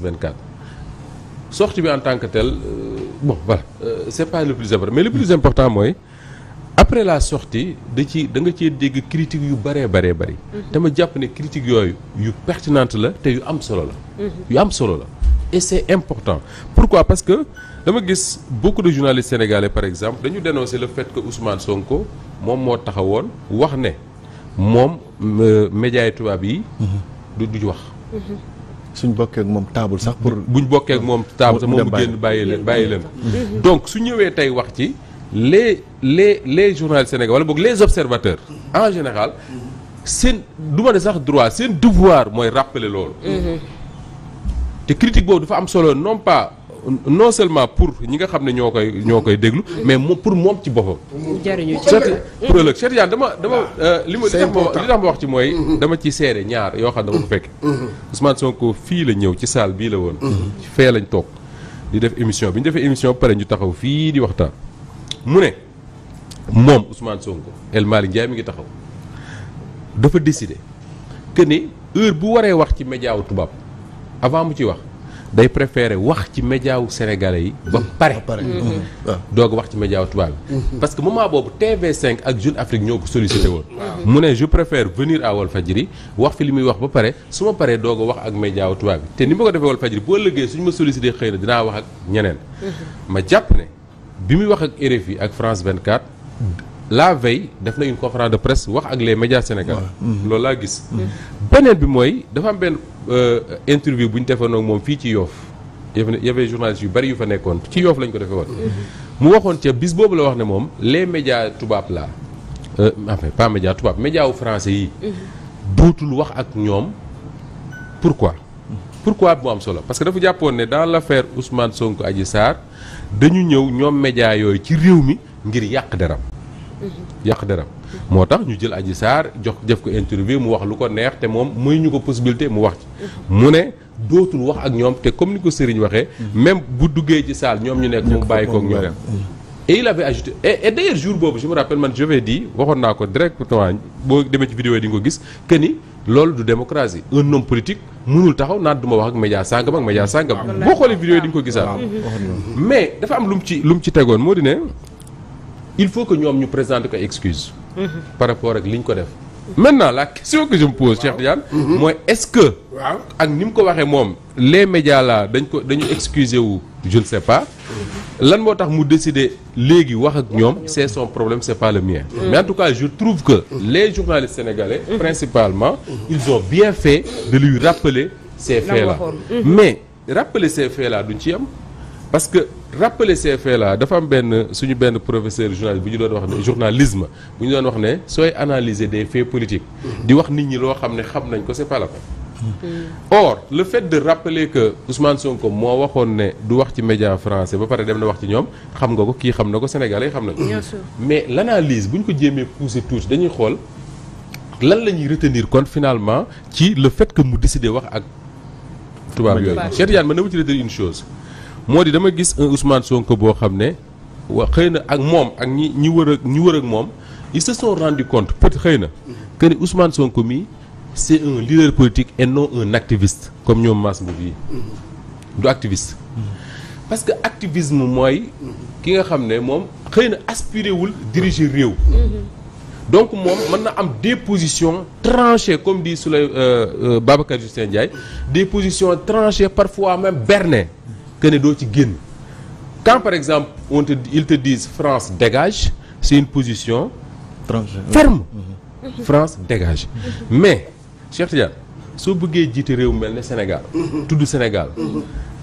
24 sortie bi en tant que telle euh, bon voilà euh, c' est pas le plus important mais le plus important mooy après la sortie da ci danga nga cee dégg critiques yu bëree bëree bëri. dama mhm. jàpp ne critiques yooyu yu pertinente la te yu am solo la. Mhm. yu am solo la et c' est important pourquoi parce que dama gis beaucoup de journalistes sénégalais par exemple dañu dénoncer le fait que Ousmane Sonko moom moo taxawoon wax ne moom euh, médias tubaab yi. Mhm. du du wax. suñ bokkee moom table sax pour. buñ bokkee ak moom table sax moom mu génn bàyyi leen bàyyi leen donc su ñëwee tey wax ci les les les journalistes sénégalais wala boog les observateurs en général. seen du ma sax droit seen devoir mooy rappeler loolu. Mm-hmm. te critique boobu dafa am solo non pas. non seulement pour ñi nga xam ne ñoo koy ñoo koy déglu mais moom pour moom ci boppam. jëriñu ci pour dama dama. Euh, li ma li tax ma wax ci mooy. Mm-hmm. dama ci seede ñaar yoo xam ne dama ko fekk. Mm-hmm. Ousmane Sonko fii la ñëw ci salle bii la woon. Mm-hmm. fee lañ toog di def émission bi ñu defee émission pare ñu taxaw fii di waxtaan. mu ne moom Ousmane Sonko El Malick Ndiaye mi ngi taxaw dafa décider que ni heure bu waree wax ci média wu tubaab avant mu ci wax. day préférer wax ci média wu sénégalais yi. ba pare mm-hmm. ah. Ah. doog wax ci média wu tubaab bi. Mm-hmm. parce que moment boobu TV5 ak Jeune Afrique ñoo ko sollicité woon. Mm-hmm. mu ne je préfère venir à Walfadjri wax fi li muy wax ba pare su ma paree doog wax ak média wu tubaab te ni ma ko defee Walfadjri boo lëggee suñ ma sollicité xëy na dinaa wax ak ñeneen. ma jàpp ne bi muy wax ak RFI ak France 24. la veille def na une conférence de presse wax ak les médias sénégal mhm. loolu laa gis. Mhm. beneen bi mooy dafa am benn euh, interview bu ñu defoon ak moom fii ci Yoff. y avait journaliste yu bari yu fa nekkoon ci Yoff lañ ko defee woon. Mhm. mu waxoon ca bis boobu la wax ne moom les médias tubaab la euh, pas médias tubaab médias wu français yi. dootul wax ak ñoom pour quoi pour pourquoi mu am solo parce que dafa jàppoon ne dans la affaire Ousmane sonk Adji Sarr dañu ñëw ñoom médias yooyu ci réew mi ngir yàq deram Mm-hmm. yàq deram moo tax ñu jël Adji Sarr jox def ko interview mu wax lu ko neex te moom muy ñu ko possibilité mu wax ci mm-hmm. mu ne dootul wax ak ñoom te comme ni ko Serigne waxee mm-hmm. même bu duggee ci saal ñoom ñu nekk mu bàyyi koog ñu dem et il avait ajouté et, et boobu je me rappelle man je vais waxoon naa ko directement boo demee ci vidéo yi di nga ko gis que ni loolu du démocratie un homme politique mënul taxaw naan du ma wax ak média sàngam ak média sàngam boo xoolee vidéo yi di nga ko gisaat mais dafa am moo di ne il faut que ñoom ñu présenter ko excuse par rapport ak li ñu ko def maintenant la question que je me pose Cheikh Tidiane mhm. mooy est-ce que waaw ak ni mu ko waxee moom les médias là dañ ko dañu excuser wu je ne pas mhm. lan moo tax mu décider léegi wax ak ñoom c'est son problème c'est pas le mien mhm. mais en tout cas je trouve que les journalistes sénégalais principalement ils ont bien fait de lui rappeler ces faits mais rappeler ces faits là duñ ci am rappeler ces faits dafa am benn suñu benn professeur journaliste bu ñu doon wax ne journalisme bu ñu doon wax ne sooy analyser des faits politiques di wax nit ñi loo xam ne xam nañ ko c'est pas la peine hmm. or le fait de rappeler que Ousmane Sonko moo waxoon ne du wax ci média français ba pare dem na wax ci ñoom xam nga ko kii xam na ko Sénégalais yi xam nañ ko mais l'analyse bu ñu ko jéemee pousser tuuti dañuy xool lan la ñuy retenir kon finalement ci le fait que mu décider wax ak tubaab yooyu Cheikh Tidiane mën na ma ci moo di dama gis un Ousmane Sonko boo xam ne wa xëy na ak moom ak ñi ñi wër ak ñi wër ak moom ils se sont rendu compte peut xëy na que ni Ousmane Sonko mii c'est un leader politique et non un activiste comme ñoom Mass Mboup yi du activiste parce que activisme mooy ki nga xam ne moom xëy na aspiré wul diriger réew donc moom mën na am des positions tranchées comme dit Souley euh, euh, Babacar Justin Ndiaye des positions par parfois même bernées que ne doo ci génn quand par exemple on te ils te France dégage c'est une position ferme mhm. France dégage mais Cheikh soo bëggee jiite réew mel ni Sénégal mhm. tudd Sénégal mhm.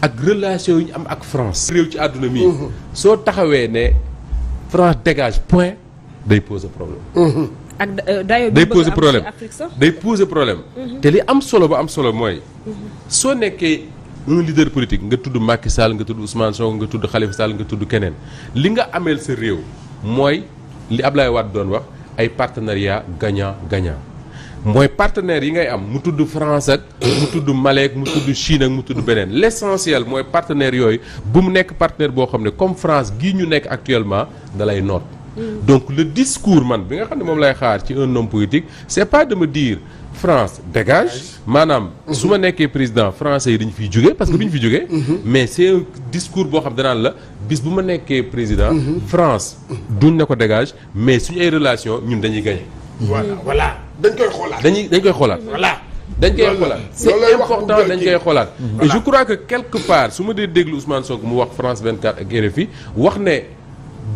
ak relation yu ñu am ak France réew ci àdduna mi soo taxawee ne France dégage point day poser problème ak euh, day poser problème day poser problème te li am solo ba am solo mooy soo nekkee un leader politique nga tudd Macky Sall nga tudd Ousmane Sonko nga tudd Khalifa Sall nga tudd keneen li nga ameel sa réew mooy li Ablaye Wade doon wax ay partenariat gagnant gaña mooy partenaire yi ngay am mu tudd France ak mu tudd Mali mu tudd Chine ak mu tudd beneen l' mooy partenaires yooyu bu mu nekk partenaire boo xam ne comme France gii ñu nekk actuellement da lay noot mm. donc le discours man bi nga xam ne moom lay xaar ci un homme politique pas de me dire France dégage maanaam mhm. su ma nekkee président français yi dañu fiy jóge parce que ñu fi jóge mhm. mhm. mais c'est un discours boo xam danaan la bis bu ma nekkee président France duñ ne ko dégage mais suñu ay relation ñun dañuy gagné voilà voilà dañ koy xoolaat dañuy dañ koy xoolaat voilà dañ koy xoolaat c'est important dañ koy xoolaat et je crois que quelque part su ma dee déglu Ousmane Sonko mu wax France 24 ak RFI wax ne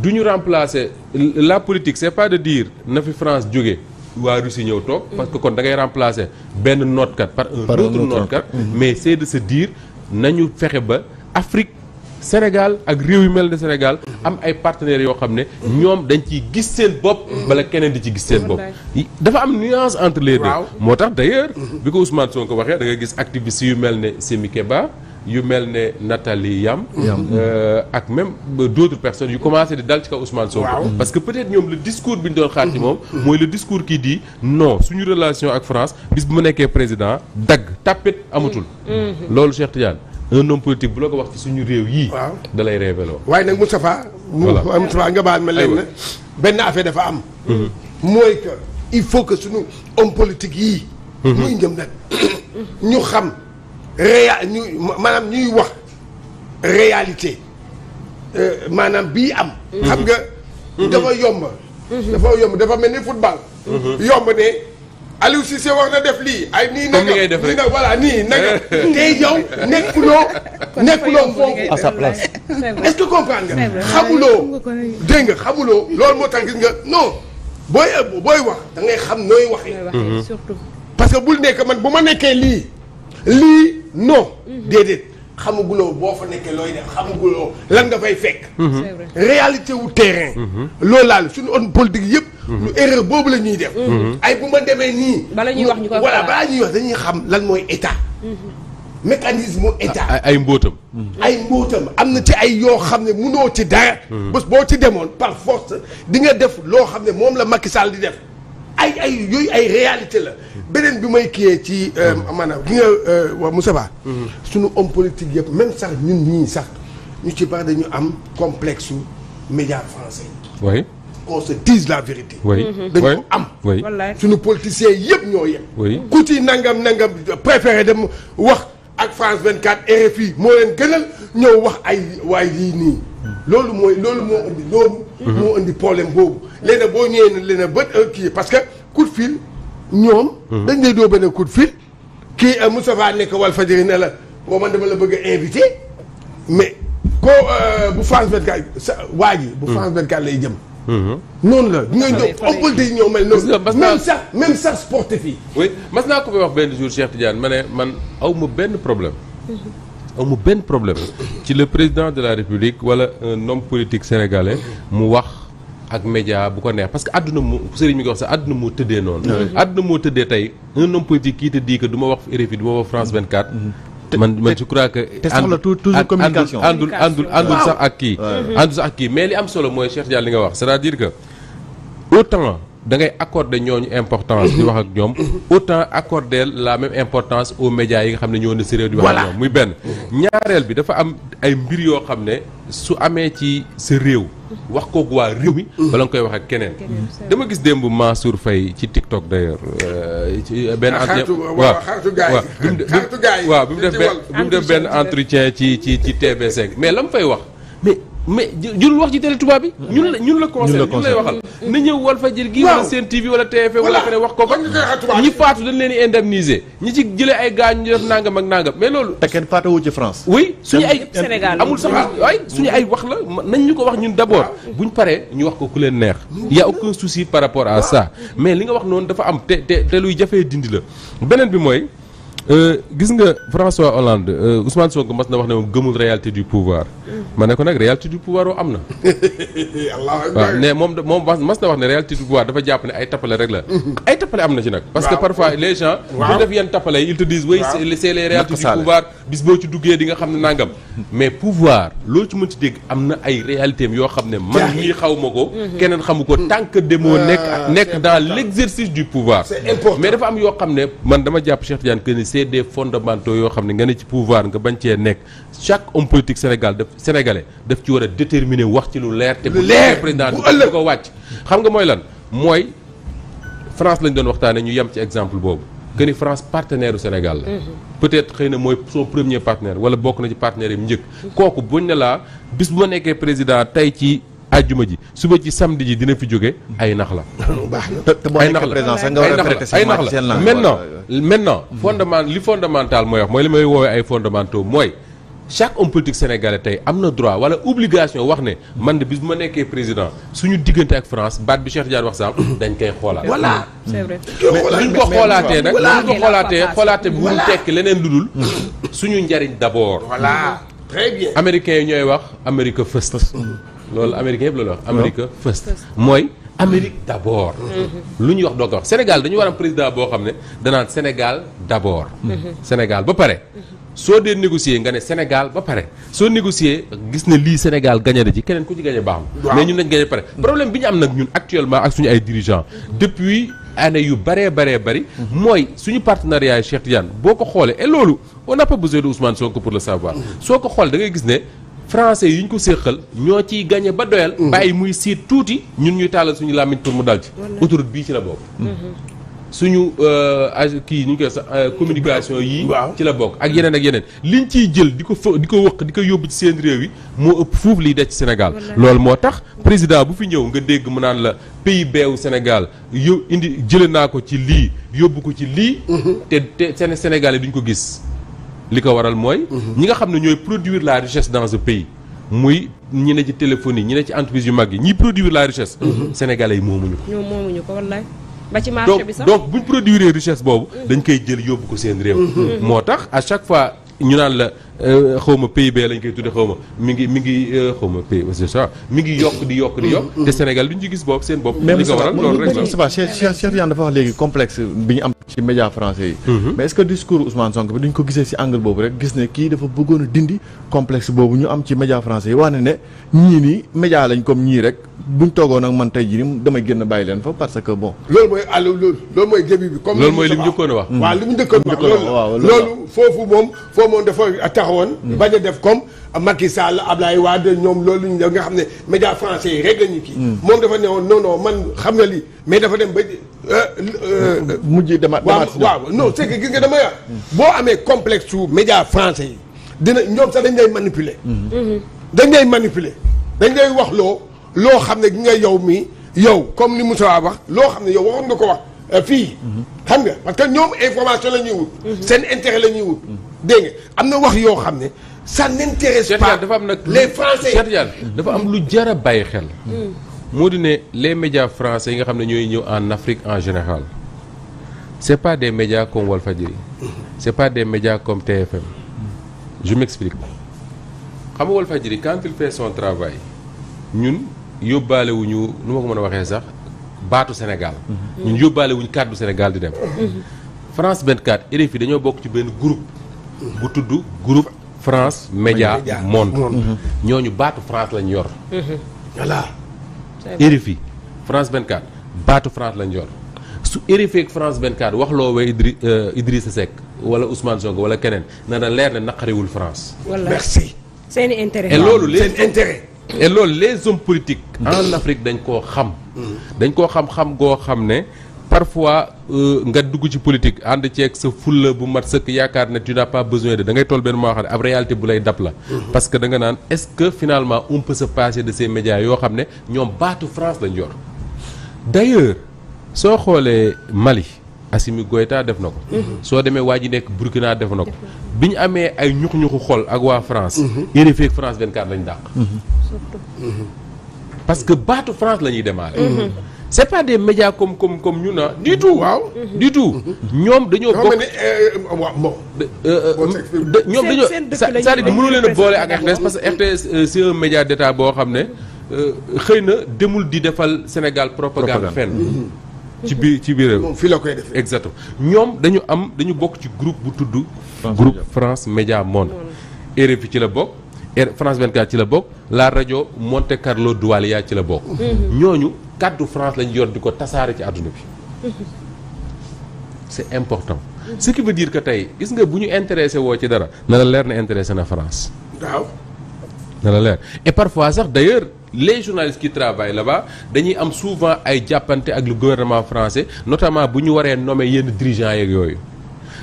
du ñu remplacer la politique c'est pas de dire na fi France jóge waa Russie ñëw toog. parce que kon da ngay remplacer benn nootkat par un par nootkat mm-hmm. mais c'est de se dire nañu fexe ba Afrique. Sénégal ak réew yu mel ne Sénégal am ay partenaires yoo xam ne ñoom dañ ciy gis seen bopp bala keneen di ci gis seen bopp dafa am nuance entre les deux moo tax d'ailleurs bi ko Ousmane Sonko waxee da nga gis activiste yu mel ne Semi Keba yu mel ne Nathalie Yam. Euh, ak même d' autres personnes yu commencé di dal ci kaw Ousmane Sonko. parce que peut-être ñoom le discours bi ñu doon xaar ci moom. mooy le discours qui dit non suñu relation ak France bis bu ma nekkee président dagg tàppit amatul. Mhm. loolu Cheikh Tidiane un homme politique bu la ko wax ci suñu réew yii. waaw da lay révéloo. waaye nag Moustapha. voilà Moustapha nga baal ma leen na benn affaire dafa am. Mhm. mooy que il faut que suñu homme politique yii. Mhm. muy njëm réa ñu maanaam ñuy wax réalité euh, maanaam bii am. Mhm. xam nga. Mhm. dafa yomb. Mhm. dafa yomb dafa mel ni football. yomb ne. Aliou Cissé wax na def lii ay nii nag ni ngay def rek voilà nii nag tey yow nekkuloo nekkuloo foofu à est-ce que comprendre nga xamuloo dégg xamuloo loolu moo tax gis nga non booy booy wax da ngay xam nooy wax surtout parce que bul nekk man bu ma nekkee lii lii non déedéet xamaguloo boo fa nekkee looy def xamaguloo lan nga fay fekk mhm. réalité wu terrain mhm. loolu laal suñu on politique yëpp mhm. lu erreur boobu la ñuy def ay bu ma demee nii bala ñuy wax ñu ko voilà balaa ñuy wax dañuy xam lan mooy état mécanisme état ay mbóotam ay mbóotam am na ci ay yoo xam ne munoo ci dara bés boo ci demoon par force di nga def loo xam ne moom la Macky Sall di def ay ay yooyu ay réalité la beneen bi may kiyee ci euh, maanaam gi nga euh, waa Moussa Ba mm-hmm. suñu homme politique yëpp même sax ñu ñii sax ñu ci bari dañu am complexe su média français oui qu'on se dise la vérité dañu ko am suñu politiciens yëpp ñoo yem ku ci nangam nangam préféré dem wax ak France 24 RFI moo leen gënal ñëw wax ay waay yii nii mm-hmm. loolu mooy loolu moo indi loolu mm-hmm. moo indi problème boobu léegi boo ñëwee ne leen bët euh, kii parce que coup de fil ñoom. Mhm. dañ lay doo benn coup de fil. kii euh, Moustapha nekk wal Walfadjri ne la boo man dama la bëgg a invité mais ko euh, bu France 24 sa waa ji. bu mhm. France 24 lay jëm. Mhm. noonu la di nga jóg opportunité yi ñoo mel noonu. même sax même sax sportif yi. oui mas naa ko fi wax benn jour Cheikh Tidiane ma ne man aw ma benn problème. aw ma benn problème ci le président de la République wala un homme politique sénégalais mu wax. ak média bu ko neex parce que àdduna mu sëriñ mi ko wax sax àdduna moo tëddee noonu. àdduna moo tëddee tey un homme kii te di que du ma wax RFI du ma wax France 24. Mm-hmm. man man je crois que. te soxla toujours communication àndul àndul ak kii. àndul sax kii mais li am solo mooy Cheikh li nga wax c'est-à-dire que autant da ngay accorder ñooñu importance di wax ak ñoom autant accorder la même importance au médias yi nga xam ne ñoo ne si réew di wax ak muy benn mm-hmm. ñaareel bi dafa am ay mbir yoo xam ne su amee ci sa réew wax kooku waa réew mi mm. bala nga koy wax ak keneen mm. dama gis démb Mansour fay ci TikTok d'ailleurs euh, ci euh, benn ah, entretien waaw bi mu def bi mu def benn entretien ci ci ci tv mais la mu fay wax mais mais jurul wax ci télé tubaab bi. ñun la ñun la conseil ñun lay waxal. na ñëw Walfadjri gi wala Sen TV wala TFM wala feneen wax ko ko ñi faatu dañ leen di indemniser ñi ci jëlee ay gaañu ñu def nangam ak nangam mais loolu. te kenn faatuwu ci France. oui suñu ay Sénégal amul sax ay suñu ay wax la nañ ñu ko wax ñun d' abord buñ paree ñu wax ko ku leen neex. y' a aucun souci par rapport à ça mais li nga wax noonu dafa am te te te luy jafee dindi beneen bi mooy. Euh, gis nga François Hollande euh, Ousmane Sonko mas na wax ne moom gëmul réalité du pouvoir ma ne ko nag réalité du pouvoir am na. waaw moom moom mas na wax ne réalité du pouvoir dafa jàpp ne ay tappale rek la. Mm-hmm. ay tappale am na ci nag. parce que parfois les gens. waaw def yenn tappale yi ils te du pouvoir bis ci duggee di nga xam ne nangam. mais pouvoir loo ci mën ci dégg am na ay réalités yoo xam ne. man mii xaw ma ko. Mm-hmm. keneen xamu ko tant que demoo nekk ah, nekk dans l'exercice du pouvoir. mais dafa am yoo xam ne man dama jàpp Cheikh c'est des fondamentaux yoo xam ne nga ne ci pouvoir nga bañ cee nekk chaque homme politique Sénégal daf sénégalais daf ci war a déterminer wax ci lu leer. te bu leer président du ko wàcc. xam nga mooy lan mooy France lañ doon waxtaanee ñu yem ci exemple boobu. que ni France partenaire u Sénégal la. Mhm. peut xëy na mooy son premier partenaire wala bokk na ci partenaire yi njëkk. Mhm. kooku buñ ne laa bis bu ma nekkee président tey ci. ajjuma ji suba ci samedi ji dina fi jóge ay nax la. ay nax la ay nax la maintenant maintenant fondement li fondamental mooy wax mooy li may woowee ay fondamentaux mooy chaque homme politique sénégalais tey am na droit wala obligation wax ne man de bis bu ma nekkee président suñu diggante ak France baat bi Cheikh Diagne wax sax dañ koy xoolaat. voilà mm. c'est vrai. luñ ko xoolaatee nag luñ ko xoolaate bi wuñ tekk leneen lu mm. suñu njariñ d'abord. voilà mm. très bien. américains yi ñooy wax America first. loolu américain yëpp loolu wax ah. America first mooy Amérique d'abord mm-hmm. lu ñuy wax doo ko wax Sénégal dañu war am président boo xam ne danaan Sénégal d'abord mm-hmm. Sénégal ba pare mm-hmm. soo dee négocier nga ne Sénégal ba pare soo négocier gis na lii Sénégal gagné na ci keneen ku ci gagné baax na mais ñun nañ gagné pare problème bi ñu am nag ñun actuellement ak suñu ay dirigeants depuis année yu bëree bëree bari mooy suñu partenariat yi Cheikh Tidiane boo ko xoolee et loolu on n'a pas besoin de Ousmane Sonko pour le savoir soo ko xoolee da ngay gis ne français yu ñu ko séqal ñoo ciy gagné ba doyal. Mhm. bàyyi muy siit tuuti ñun ñuy tàllal suñu làmmiñ pour mu dal ci. autoroute bii ci la bokk. Mhm. suñu euh, kii ñu koy sax euh, communication yi ci la bokk ak yeneen ak yeneen liñ ciy jël di ko fa di ko wëq di ko yóbbu ci seen réew yi moo ëpp fuuf liy des ci Sénégal loolu moo tax président bu fi ñëw nga dégg mu naan la pays beewu Sénégal yow indi jële naa ko ci lii yóbbu ko ci lii mhm. te te Sénégal yi duñ ko gis li ko waral mooy. Mhm. ñi nga xam ne ñooy produire la richesse dans ce pays. muy ñi ne ci téléphonie ñi ne ci entreprise yu mag yi ñi produire la richesse. Mhm. sénégalais yi moomuñu ko. ñoom moomuñu ko wallaay. ba ci marché donc buñ produire richesse boobu. Mhm. dañ koy jël yóbbu ko seen réew. moo tax à chaque fois ñu naan la. Euh, xaw ma PIB lañ koy tudde xaw ma ngi mi ngi euh, xaw ma PIB c'est ça mi yokk di yokk di yokk. Mm, mm. te Sénégal duñ ci gis bopp seen bopp. li mais ci média français yi. Mm-hmm. mais est discours Ousmane Sonko bi duñ ko gisee si angle boobu rek gis ne kii dafa bëggoon a dindi complexe boobu ñu am ci média français yi wax ne ne ñii nii média lañ comme ñii rek buñ toogoon ak man tey jii nii damay génn bàyyi leen a wax foofu moom foofu moom dafa taxawoon. Mm. bañ a def comme Macky Sall Ablaye Wade ñoom loolu ñu nga xam ne média français yi rek mm. na lii mais dafa dem ba. Euh, euh, mm. mujj demaat demaat si waaw non c'est que gis nga dama yor. boo amee complexe su média français yi dina ñoom sax dañ lay manipuler. Mm-hmm. Mm-hmm. dañ lay manipuler dañ lay wax loo loo xam ne gi nga yow mi yow comme ni Moussa wax loo xam ne yow waxoon nga ko wax euh, fii. Mm-hmm. xam nga parce que ñoom information la ñuy wut. seen intérêt la ñuy wut. dégg am na wax yoo xam ne ça n'intéresse pas dafa am nag les français dafa am lu jar a bàyyi xel hmm. moo di ne les médias français yi nga xam ne ñooy ñëw en Afrique en général c'est pas des médias comme Walfadjri c'est pas des médias comme TFM je m'explique xam nga Walfadjri quand il fait son travail ñun yóbbaale wuñu nu ma ko mën a waxee sax baatu Sénégal hmm. ñun yóbbaale wuñu kàddu Sénégal di dem hmm. France 24 RFI dañoo bokk ci benn groupe bu tudd groupe France Média Monde mhm. ñu baatu France lañu yor mhm. voilà RFI France 24 baatu France lañ yor su RFI ak France 24 wax loo wee Idri euh, Idrissa Seck wala Ousmane Sonko wala keneen na leer ne naqariwul France merci seen intérêt et loolu seen intérêt et loolu les hommes politiques en Afrique dañ koo xam mhm. dañ koo xam-xam goo xam ne parfois euh, nga dugg ci politique ànd ceeg sa fulla bu mat sëkk yaakaar na tu n'as pas besoin de da ngay toll benn moo xam ne ab réalité bu lay dab la. Mhm. parce que da nga naan est que finalement on peut se passer de ces médias yoo xam ne ñoom baatu France lañ yor d'ailleurs soo xoolee Mali. Assimi Goïta def na ko. Mhm. soo demee waa ji nekk Burkina def na ko. bi ñu amee ay ñux-ñuxu xol ak waa France. Mhm. RFI ak France 24 lañ dàq. surtout. parce que baatu France la ñuy démarrer. c'est pas des médias comme comme ñu ñun ah. du ñoom dañoo bokk ñoom dañoo c'est-à-dire mënu leen boole ak RTS parce que RTS euh, média d'état boo xam ne euh, xëy na demul di defal Sénégal propagande fenn. Mm-hmm. ci biir ci biir moom fii la koy defee exactement ñoom dañu am dañu bokk ci groupe bu tudd. groupe France Média Monde. RFI ci la bokk. France 24 ci la bokk la rajo Monte Carlo Doualiya ci la bokk. Mhm. ñooñu kàddu France lañ yor di ko tasaare ci àdduna bi. Mhm. c'est important. ce qui veut que tey gis nga bu ñu intéressé woo ci dara na la leer na intéressé na France. waaw. na la leer et parfois sax d'ailleurs les journalistes qui travaillent la ba dañuy am souvent ay jàppante ak le gouvernement français notamment bu ñu waree nommer yenn dirigeants yeeg yooyu.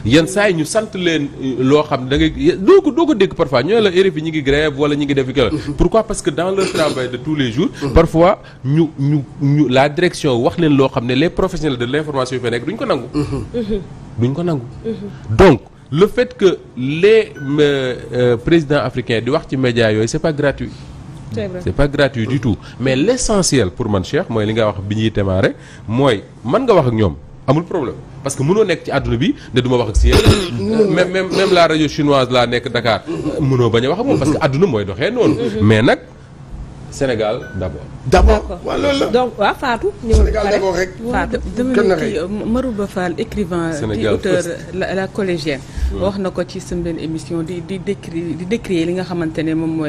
yenn saa yi ñu sant leen euh, loo xam da ngay doo ko doo ko dégg parfois ñoo la RFI ñu ngi grève wala ñu ngi def kala mm-hmm. pourquoi parce que dans leur mm-hmm. travail de tous les jours mm-hmm. parfois ñu ñu ñu la direction wax leen loo xam ne les professionnels de l'information yu fa nekk duñ ko nangu ko nangu donc le fait que les euh, euh présidents africains di wax ci médias yooyu c'est pas gratuit c'est vrai c'est pas gratuit du tout mais l'essentiel pour man Cheikh mooy li nga wax bi ñuy démarrer mooy mën nga wax ak ñoom amul problème parce que mënoo nekk ci àdduna bi de du ma wax ak si yéen même même même la rajo chinoise laa nekk Dakar mënoo bañ a wax ak moom parce que àdduna mooy doxee noonu mais nag Sénégal d'abord. d'abord waaw loolu la donc waaw Fatou. Sénégal d'abord rek Fatou euh, Marouba Fall écrivain. di auteur la collégienne. wax na ko ci seen émission di di décrire di décrire li nga xamante moom mooy.